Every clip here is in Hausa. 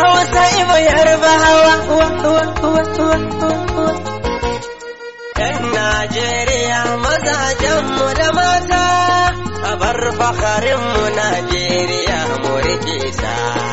hausa ibo yarba hawa yan najeriya mazajenmu da mata a bar fakarinmu najeriya mu rikisa.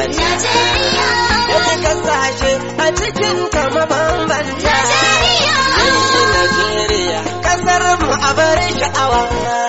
Najeriya da cikin sashe a cikin ta mabambanta Najeriya kasar mu a bar sha'awa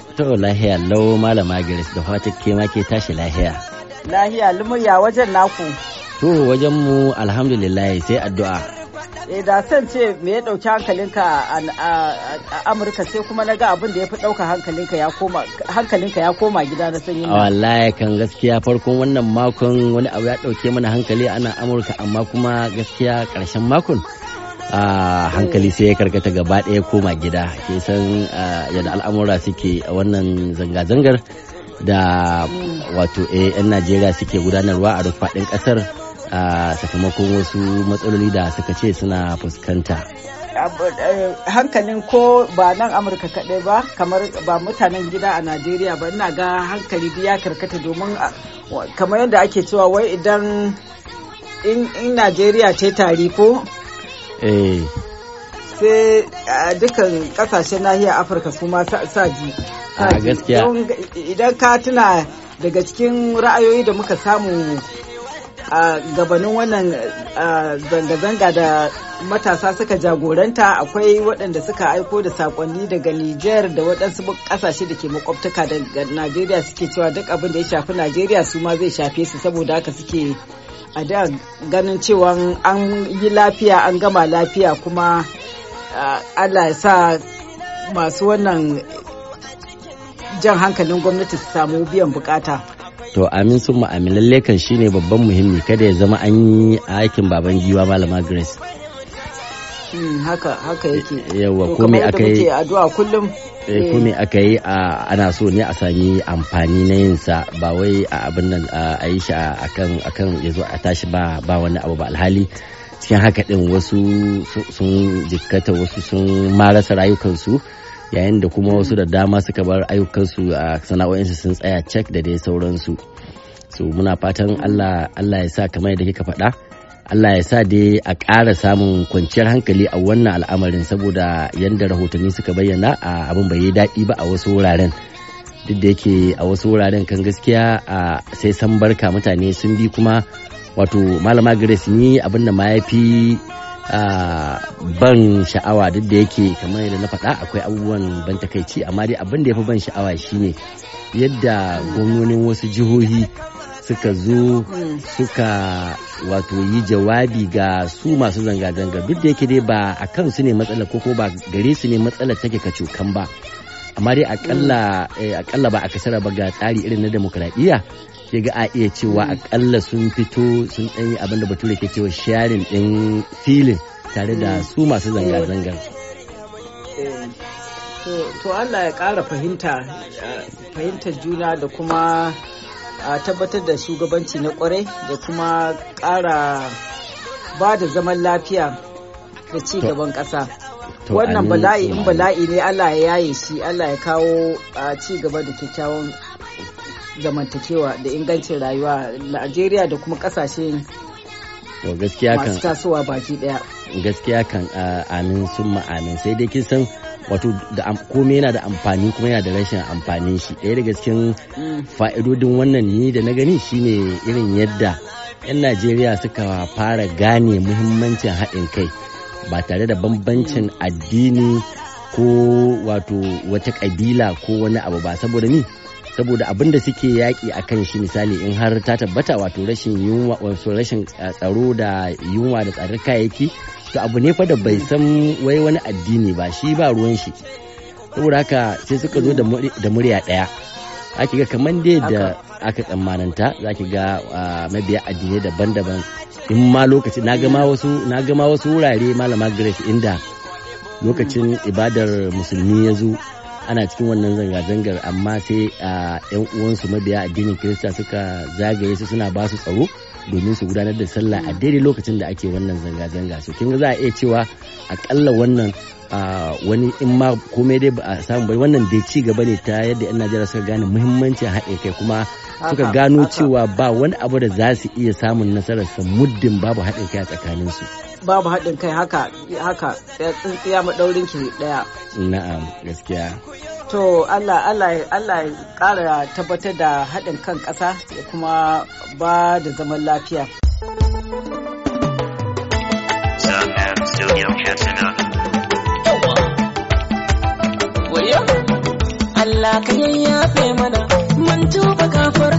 To lahiya lau malama Grace da fatan ke ma ke tashi lahiya. Lahiya lumurya wajen naku. To wajen mu alhamdulillah sai addu'a. e da san ce me ya ɗauki hankalinka a amurka sai kuma na ga abin da ya fi dauka hankalinka ya koma hankalinka ya koma gida na sanyi na wallahi kan gaskiya farkon wannan makon wani abu ya ɗauke mana hankali ana amurka amma kuma gaskiya karshen makon a hankali sai ya karkata gaba ɗaya koma gida ke san yadda al'amura suke wannan zanga-zangar da wato eh, 'yan najeriya suke gudanarwa a duk faɗin ƙasar sakamakon wasu matsaloli da suka ce suna fuskanta eh, hankalin ko ba nan amurka kaɗai ba kamar ba mutanen gida a najeriya ba ina ga hankali ya karkata domin kamar yadda ake cewa wai idan in najeriya ce tari ko Eh. sai a dukkan kasashen nahiyar afirka su ma sa ji ah, idan ka tuna daga cikin ra'ayoyi da muka samu a gabanin wannan zanga-zanga da matasa suka jagoranta akwai waɗanda suka aiko da sakonni daga Nijar da waɗansu ƙasashe da ke makwabtaka daga Najeriya suke cewa duk abin da ya shafi Najeriya su ma zai shafe su saboda haka suke a da ganin cewa an yi lafiya an gama lafiya kuma Allah ya sa masu wannan jan hankalin gwamnati su samu biyan bukata. To amin sun ma'amilan lekan shine babban muhimmi kada ya zama an yi aikin baban giwa malama Grace. Hmm, haka haka yake yawa eh, kome aka yi addu'a kullum eh, ko aka yi ana so ne a sami amfani na yin sa ba wai a abin nan a yi shi akan akan yazo a tashi ba ba wani abu ba alhali cikin haka din wasu sun jikkata wasu sun marasa rayukansu yayin da kuma wasu da dama suka bar ayyukansu a sana'o'insu sun tsaya cek da dai sauransu so muna fatan Allah Allah ya sa kamar yadda kika faɗa Allah ya sa dai a ƙara samun kwanciyar hankali a wannan al'amarin saboda yadda rahotanni suka bayyana a abin bai yi daɗi ba a wasu wuraren duk da yake a wasu wuraren kan gaskiya a sai san barka mutane sun bi kuma wato malama grace ni abin da ma ya fi ban sha'awa duk da yake kamar yadda na faɗa akwai abubuwan ban takaici amma dai abin da ya fi ban sha'awa shine yadda gwamnonin wasu jihohi suka zo suka wato yi jawabi ga su masu zanga-zanga duk da yake dai ba a kan su ne matsala ko ba gare su ne matsala take kacokan ba amma dai eh, akalla ba a kasara ba ga tsari irin na demokradiyya ke ga a iya cewa akalla sun fito sun ɗanyi abin da bature ke cewa sharing ɗin filin tare da su masu zanga-zangar eh, to Allah ya ƙara fahimta eh, fahimtar juna da kuma a tabbatar da shugabanci na kwarai da kuma kara ba da zaman lafiya da ci gaban kasa Wannan bala'i in bala'i ne Allah ya yaye shi Allah ya kawo a ci gaba da kyakkyawan zamantakewa da ingancin rayuwa Najeriya da kuma kasashe masu tasowa baki ɗaya. Gaskiya kan amin sun ma'amin sai dai kin san wato da komai yana da amfani kuma yana da rashin amfanin shi ɗaya daga cikin fa'idodin wannan ni da na gani shine irin yadda 'yan najeriya suka fara gane muhimmancin haɗin kai ba tare da bambancin addini ko wato wata ƙabila ko wani abu ba saboda ni saboda abin da suke yaƙi a kan shi misali in har ta tabbata wato rashin yunwa wato rashin eh, tsaro da yunwa da tsadar kayayyaki to abu ne fa da bai san wai wani addini ba shi ba ruwan shi saboda haka sai suka zo da murya ɗaya ake ga kamar dai da aka tsammananta za ki ga mabiya addinai daban-daban in ma lokaci na gama wasu na gama wasu wurare malama grace inda lokacin ibadar musulmi ya zo ana cikin wannan zanga-zangar amma sai yan uwansu mabiya addinin kirista suka zagaye su suna ba su tsaro domin su gudanar da sallah a daidai lokacin da ake wannan zanga-zanga so kin za a iya cewa akalla wannan wani in ma komai dai ba a samu bai wannan dai ci gaba ne ta yadda yan najeriya suka gane muhimmancin haɗe kai kuma suka gano cewa ba wani abu da za su iya samun nasararsa muddin babu haɗin kai a tsakaninsu. su babu haɗin kai haka haka tsintsiya maɗaurin ki ɗaya. Na'am gaskiya. To Allah Allah Allah ƙara tabbatar da haɗin kan ƙasa ya kuma ba da zaman lafiya. Allah ka yayyafe mana mun tuba kafin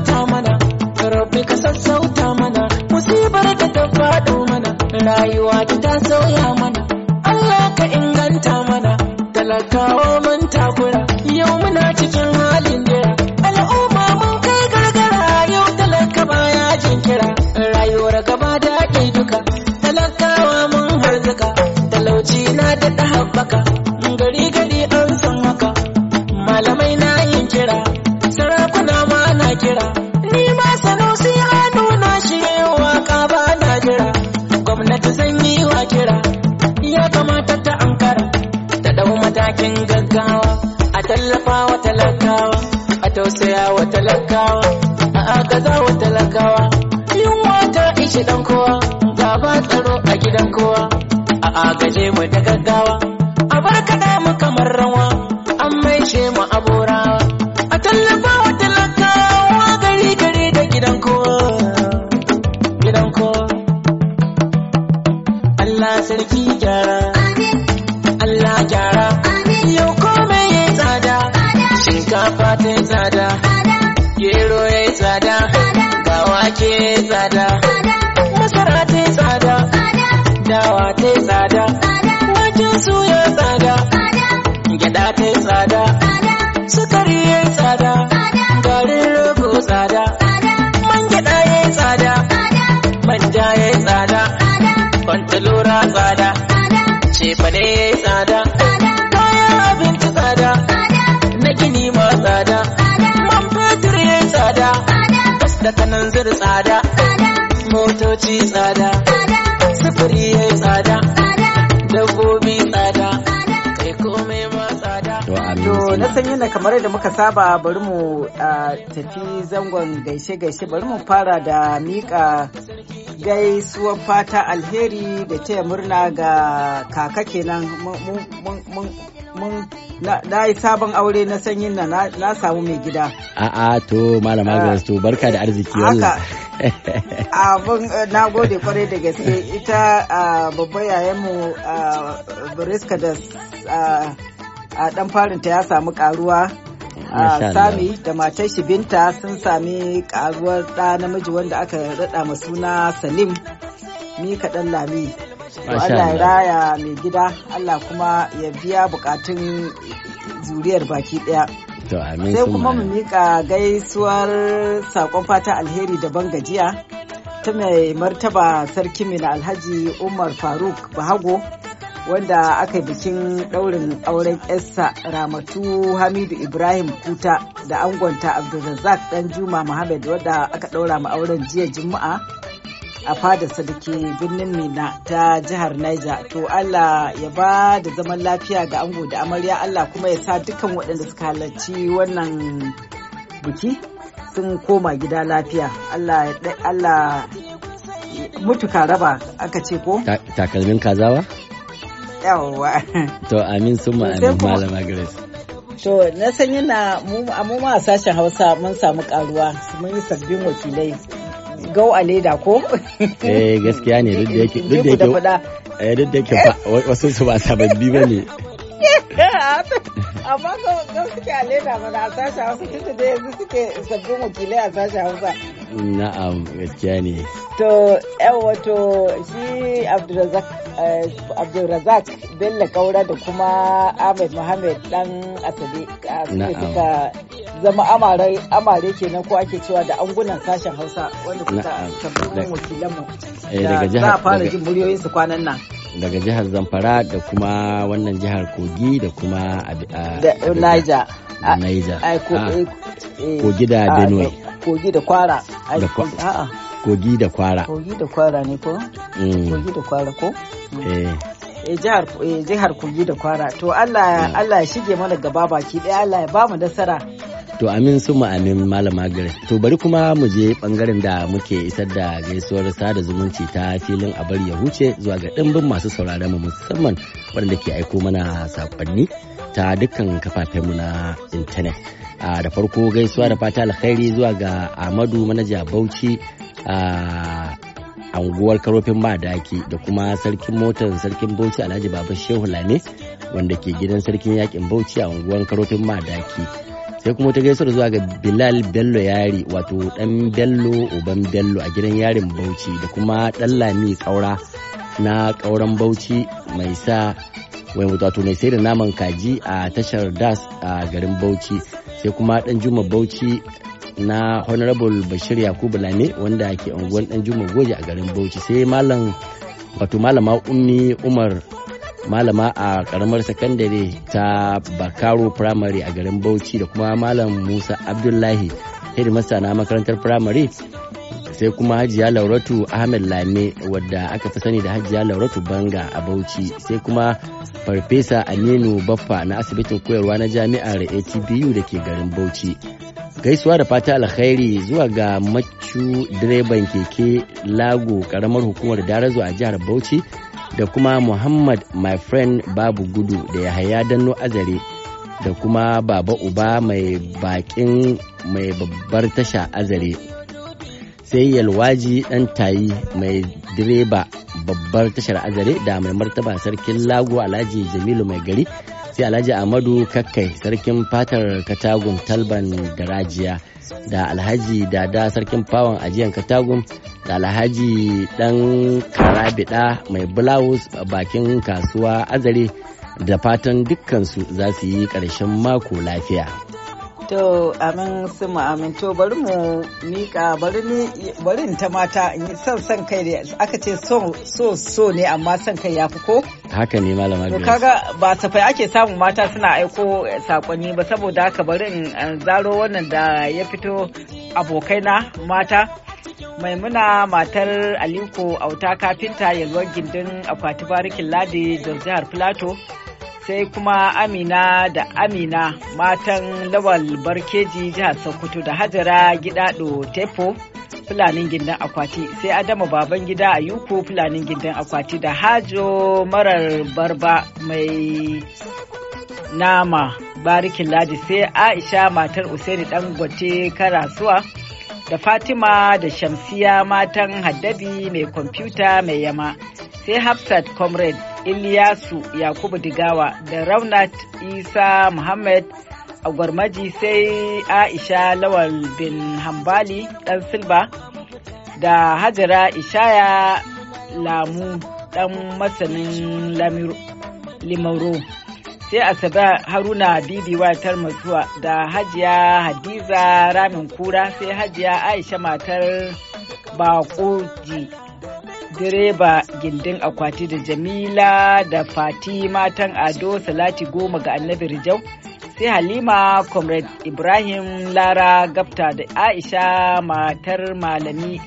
ka dawo talakawa yunwa ta ishi dan kowa ga ba tsaro a gidan kowa a agaje mu da gaggawa a barkada mu kamar rawa an maishe mu abora tsada masara ta yi tsada dawa ta yi tsada wajen suya tsada gyaɗa ta yi tsada sukari ya yi tsada garin rogo tsada man gyaɗa ya yi tsada manja ya yi tsada kwantalora tsada cefane ya yi tsada kayan abinci tsada na gini ma tsada da kananzir tsada motoci tsada sufuri ya yi tsada dabbobi tsada kai komai ma tsada to na san yana kamar da muka saba bari mu tafi zangon gaishe-gaishe bari mu fara da miƙa gaisuwar fata alheri da taya murna ga kaka kenan mun na yi sabon aure na sanyin na na samu mai gida a'a to malama grace ah. to barka da arziki wallah abin eh, na gode kwarai da gaske ita ah, babba yayanmu ah, bariska da a dan farinta ya samu karuwa sami da matar shi binta sun sami karuwar da namiji wanda aka raɗa suna salim ni kaɗan lami Allah ya raya mai gida Allah kuma ya biya bukatun zuriyar baki daya sai kuma mu mika gaisuwar sakon fata alheri daban gajiya ta mai martaba sarki mina alhaji umar faruk bahago wanda aka yi bikin ɗaurin auren yarsa ramatu hamidu ibrahim kuta da angonta abdulrazak dan juma muhammad wadda aka ɗaura ma auren jiya juma'a a fadar sadake birnin mina ta jihar niger to allah ya ba da zaman lafiya ga ango da amarya allah kuma ya sa dukkan waɗanda suka halarci wannan biki sun koma gida lafiya allah mutuka raba aka ce ko takalmin kazawa yawwa to amin summa amin malama grace To na san yana mu a sashen Hausa mun samu karuwa mun yi sabbin wakilai gau a leda ko eh gaskiya ne duk da yake duk da yake eh, duk da yake wasu su ba sababbi ba ne amma ga suke a leda ba a sashi hausa tunda da yanzu suke sabbin wakilai a sashi hausa na'am gaskiya ne to yan wato shi eh, abdulrazak bello kaura da kuma ahmed muhammad dan asabe suka zama amare amare kenan ko ake cewa da angunan sashen Hausa wanda kuka tambayoyin wakilan mu eh, daga jihar za a fara jin muryoyin su kwanan nan daga jihar Zamfara da kuma wannan jihar Kogi da kuma Niger Niger Kogi da Benue Kogi da Kwara Kogi da Kwara Kogi da Kwara ne ko mm. Kogi da Kwara ko eh. Eh, eh jihar kogi da kwara to allah ya shige mana gaba baki daya allah ya ba mu nasara To amin su amin malama gare. To bari kuma mu je bangaren da muke isar da gaisuwar sada zumunci ta filin a bari ya huce zuwa ga ɗimbin masu sauraron mu musamman waɗanda ke aiko mana sakonni ta dukkan mu na intanet. da farko gaisuwa da fata alkhairi zuwa ga Amadu manaja Bauchi a anguwar karofin madaki da kuma sarkin motar sarkin Bauchi Alhaji Baba Shehu Lane wanda ke gidan sarkin yakin Bauchi a unguwar karofin madaki. sai kuma ta gaisar zuwa ga bilal bello yari wato dan bello uban bello a gidan yarin bauchi da kuma dan lami tsaura na kauran bauchi mai sa wato mai sai da naman kaji a tashar das a garin bauchi sai kuma dan juma bauchi na honorable bashir yakubu lame wanda ke unguwan dan juma goje a garin bauchi sai malam wato malama ummi umar malama a karamar sakandare ta bakaro primary a garin bauchi da kuma malam musa abdullahi hedimasta na makarantar primary sai kuma hajiya lauratu ahmed lame wadda aka fi sani da hajiya lauratu banga a bauchi sai kuma farfesa aminu baffa na asibitin koyarwa na jami'ar atbu da ke garin bauchi gaisuwa da fata alkhairi zuwa ga macu direban keke lago karamar hukumar darazo a jihar bauchi da kuma muhammad my friend babu gudu da ya haya danno azare da kuma baba uba mai bakin mai babbar tasha azare sai yalwaji dan tayi mai direba babbar tashar azare da mai martaba sarkin lago alhaji jamilu mai gari sai alhaji amadu kakkai sarkin fatar Katagun talban da rajiya da alhaji dada sarkin fawon ajiyar Katagun da alhaji dan karabida mai bulawus a bakin kasuwa azare da fatan dukkansu za su yi ƙarshen mako lafiya. To amin su mu bari mu mika bari ta mata son son kai da aka ce so so ne amma son kai ya fi ko? Haka ne malama To kaga ba safai ake samun mata suna aiko sakonni ba saboda haka bari in zaro wannan da ya fito abokaina mata. maimuna matar aliko auta kafinta yalwar gindin akwati barikin ladi da jihar plateau sai kuma amina da amina matan lawal barkeji jihar sokoto da hajara gidado tefo fulanin gindin akwati sai adama baban gida a fulanin gindin akwati da hajo marar barba mai nama barikin ladi sai aisha matar usaini gwate karasuwa da fatima da shamsiya matan haddabi mai kwamfuta mai yama sai Hafsat Comrade Ilyasu Yakubu Digawa da Raunat Isa Muhammad a gwarmaji sai Aisha Lawal bin Hambali ɗan Silba da Hajara Ishaya Lamu ɗan masanin Limauro. sai asabe haruna bibi watar mutuwa da hajiya hadiza ramin kura sai hajiya aisha matar bakoji direba gindin akwati da jamila da fati matan ado salati goma ga annabi rijau sai halima comrade ibrahim lara gafta da aisha matar malami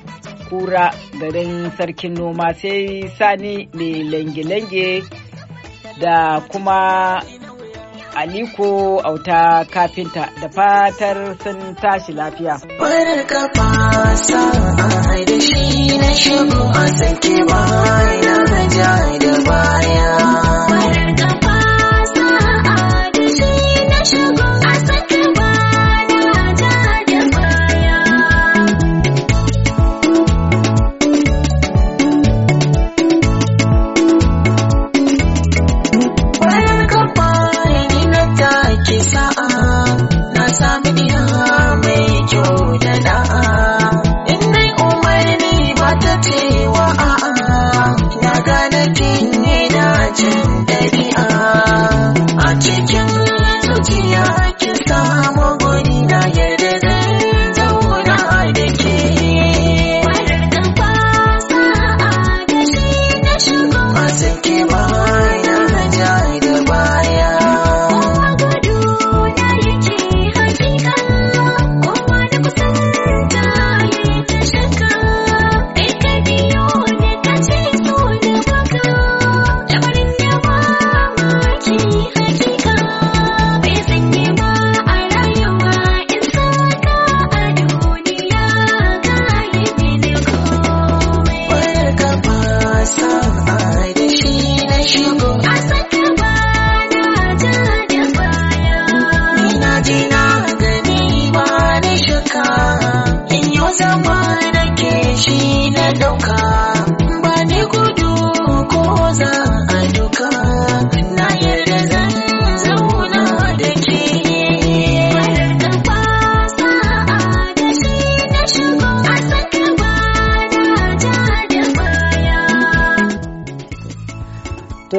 kura garin sarkin noma sai sani mai lange-lange da kuma Aliko Auta Kafinta da fatar sun tashi lafiya. Barka fasa da shi na shigo a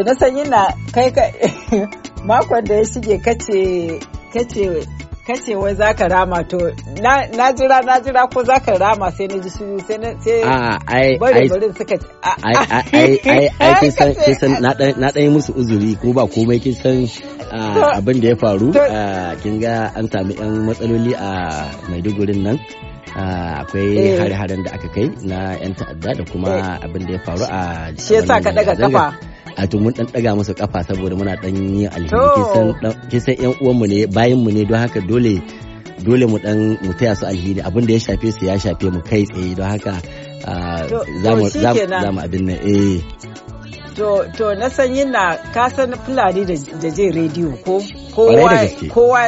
na san na kai makon da ya shige kace wai za ka rama to na jira na jira ko za ka rama sai na ji shiru sai na sai bari bari suka ai ai ai yi san na dan musu uzuri ko ba komai kin san abin da ya faru kin ga an sami yan matsaloli a Maidugurin nan akwai eh. hare-haren da aka kai na 'yan ta'adda da kuma eh. abin da ya faru a shi yasa ka daga kafa a to mun dan daga masa kafa saboda muna dan yin alheri ki san yan uwanmu ne bayan mu ne don haka dole dole mu dan mu taya su alheri abin da ya shafe su ya shafe mu kai tsaye don haka ah, za mu abin nan eh to to na sanyi na ka san fulani da je rediyo ko kowa kowa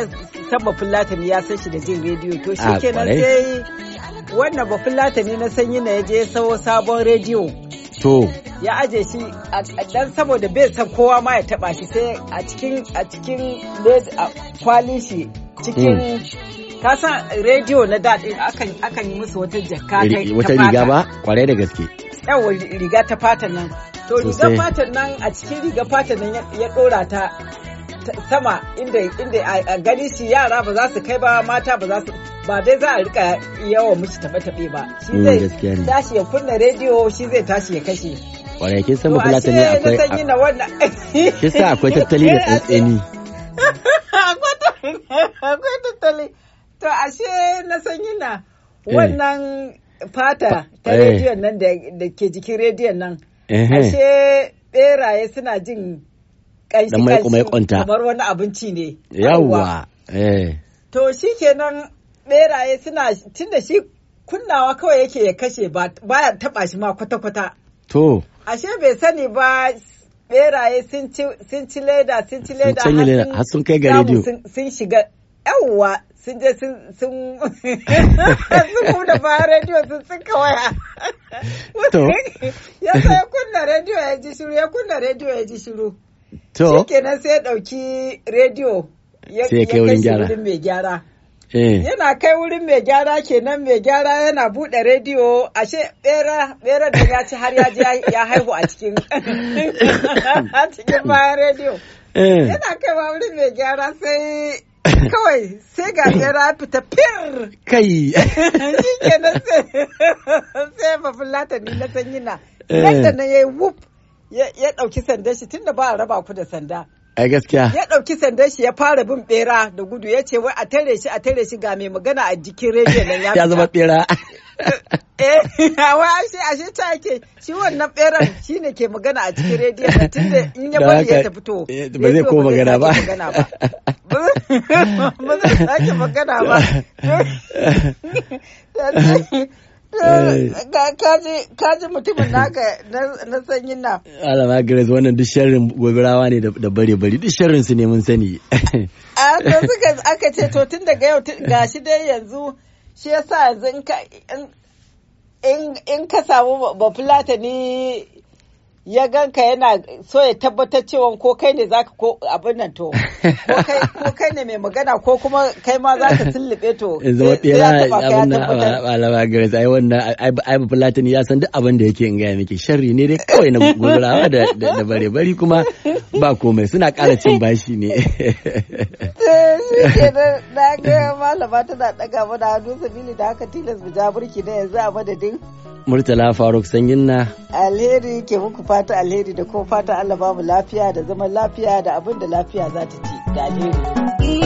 taba fulatani ya san shi da je rediyo to shi sai wannan ba fulatani na sanyi na ya je sabon rediyo To. Ya aje shi dan saboda bai san kowa ma ya taba shi sai a cikin a cikin kwalin shi cikin mm. ka san rediyo na daɗi akan yi musu wata jaka ta Wata riga ba kware da gaske. Yawon riga ta fata nan. To riga fata nan a cikin riga fata nan ya dora ta sama inda a gani shi yara ba za su kai ba mata ba za su ba dai za a rika yawa mishi tafe-tafe ba shi mm, zai tashi ya kunna rediyo shi zai tashi ya kashe kwarai kin san bafulata ne akwai shi sa akwai tattali da tsantseni akwai tattali to ashe na sanyi na eh. wannan fata ta eh. rediyon nan da ke jikin rediyon nan eh. ashe beraye suna jin kanshi kanshi kamar wani abinci ne yawwa to shi kenan beraye suna tunda shi kunnawa kawai yake ya kashe ba ya taba shi ma kwata-kwata. To. Ashe bai sani ba beraye sun ci leda sun ci leda har sun kai ga rediyo. Sun shiga yawwa sun je sun sun kuda ba rediyo sun sun waya. To. Ya sa ya kunna rediyo ya ji shiru ya kunna rediyo ya ji shiru. To. Shi kenan sai ya ɗauki rediyo. Sai ya kai wurin gyara. Eh. yana kai wurin mai gyara kenan mai gyara yana buɗe rediyo ashe bera bera da ya ci har ya haihu a cikin cikin bayan rediyo eh. yana kai wurin mai gyara sai kawai sai ga bera fita fir kai shi kenan sai mafulata ni na sanyina nan eh. da na yayi wuf ya ɗauki sanda shi tunda ba a raba ku da sanda a gaskiya ya ɗauki sandan shi ya fara bin bera da gudu ya ce wai a tare shi a tare shi ga mai magana a jikin rediyo nan ya zama bera eh shi ashe shi ta ke shi wannan beran ne ke magana a cikin rediyo nan tunda in ya bari ya ta fito eh, ba zai ko magana ba ba zai sake magana ba Eh. kaji mutumin naka na sanyin na. Alama Grace wannan duk sharrin gobirawa ne da bare bari duk sharrin su ne mun sani. A to suka aka ce to tun daga yau gashi dai yanzu shi yasa yanzu in ka samu fulata ni ya ganka yana so ya tabbatar cewa ko kai ne zaka ko abin nan to ko kai ne mai magana ko kuma kai ma zaka sullube to in zama tsira abin nan alama gare ai wannan ai bafulatin ya san duk abin da yake in gaya miki sharri ne dai kawai na gurawa da bare bari kuma ba komai suna ƙara cin bashi ne na ga malama tana daga mana hannu sabili da haka tilas mu ja na yanzu a madadin Murtala Faruk Sanyin na. Alheri ke muku fata alheri da ko fata Allah babu lafiya da zaman lafiya da abin da lafiya za ta ci da alheri.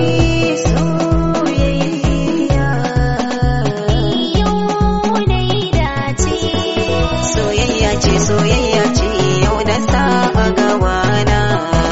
soyayya ce soyayya ce yau na saba